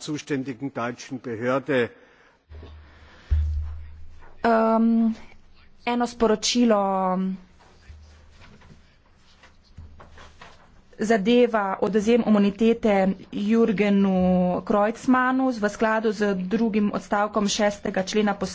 zuständigen deutschen Behörde. Um, eno sporočilo um, zadeva odvzem imunitete Jurgenu Kreutzmanu v skladu z drugim odstavkom 6. člena poslovnika